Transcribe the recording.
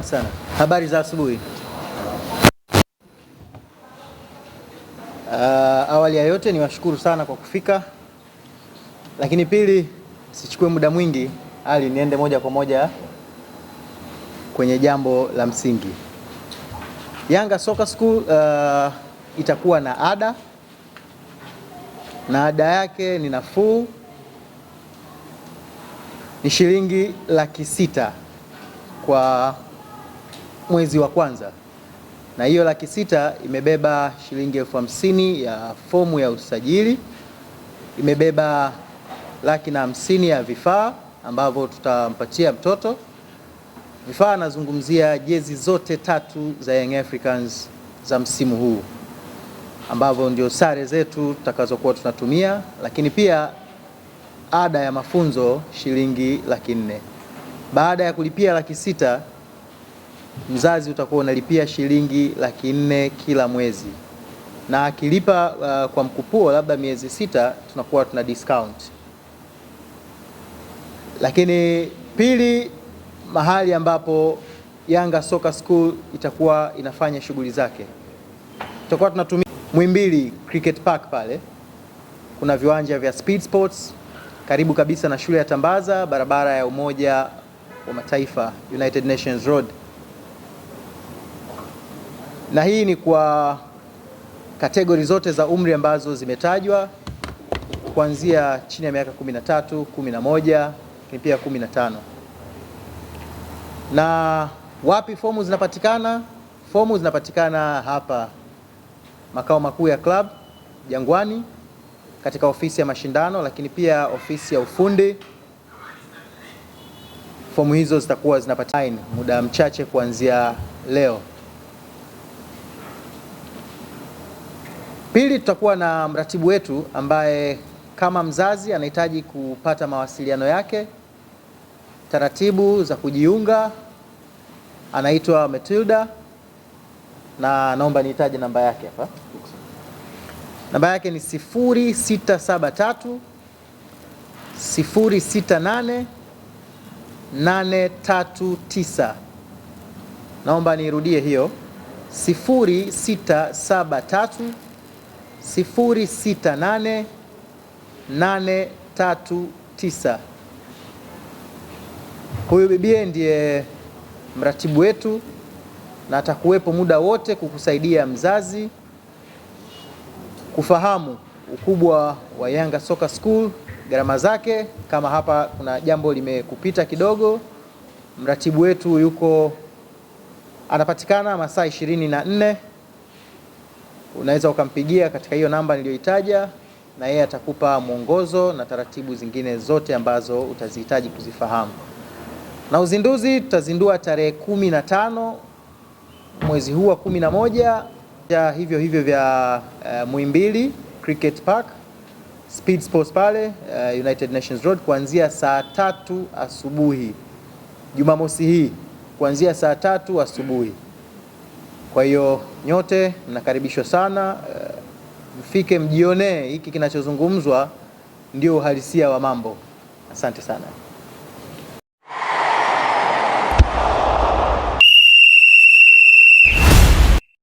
Asante sana. Habari za asubuhi. Uh, awali ya yote niwashukuru sana kwa kufika, lakini pili, sichukue muda mwingi, hali niende moja kwa moja kwenye jambo la msingi. Yanga Soccer School uh, itakuwa na ada na ada yake ni nafuu, ni shilingi laki sita kwa mwezi wa kwanza, na hiyo laki sita imebeba shilingi elfu hamsini ya fomu ya usajili, imebeba laki na hamsini ya vifaa ambavyo tutampatia mtoto. Vifaa anazungumzia jezi zote tatu za Young Africans za msimu huu ambavyo ndio sare zetu tutakazokuwa tunatumia, lakini pia ada ya mafunzo shilingi laki nne. Baada ya kulipia laki sita mzazi utakuwa unalipia shilingi laki nne kila mwezi, na akilipa uh, kwa mkupuo labda miezi sita tunakuwa tuna discount. Lakini pili, mahali ambapo Yanga Soccer School itakuwa inafanya shughuli zake tutakuwa tunatumia Mwimbili Cricket Park. Pale kuna viwanja vya Speed Sports karibu kabisa na shule ya Tambaza, barabara ya Umoja wa Mataifa, United Nations Road na hii ni kwa kategori zote za umri ambazo zimetajwa kuanzia chini ya miaka 13, 11, lakini pia 15. Na wapi fomu zinapatikana? Fomu zinapatikana hapa makao makuu ya club Jangwani, katika ofisi ya mashindano, lakini pia ofisi ya ufundi. Fomu hizo zitakuwa zinapatikana muda mchache kuanzia leo. Pili, tutakuwa na mratibu wetu ambaye kama mzazi anahitaji kupata mawasiliano yake, taratibu za kujiunga, anaitwa Matilda na naomba nihitaji namba yake hapa. Namba yake ni 0673 068 839. Naomba niirudie hiyo 0673 068 Huyu bibie ndiye mratibu wetu na atakuwepo muda wote kukusaidia mzazi kufahamu ukubwa wa Yanga Soccer School, gharama zake. Kama hapa kuna jambo limekupita kidogo, mratibu wetu yuko anapatikana masaa 24. Unaweza ukampigia katika hiyo namba niliyoitaja, na yeye atakupa mwongozo na taratibu zingine zote ambazo utazihitaji kuzifahamu. Na uzinduzi tutazindua tarehe kumi na tano mwezi huu wa kumi na moja ya hivyo hivyo vya uh, Muhimbili Cricket Park Speed Sports pale uh, United Nations Road kuanzia saa tatu asubuhi Jumamosi hii kuanzia saa tatu asubuhi. Kwa hiyo nyote mnakaribishwa sana, eh, mfike mjionee hiki kinachozungumzwa, ndio uhalisia wa mambo. Asante sana.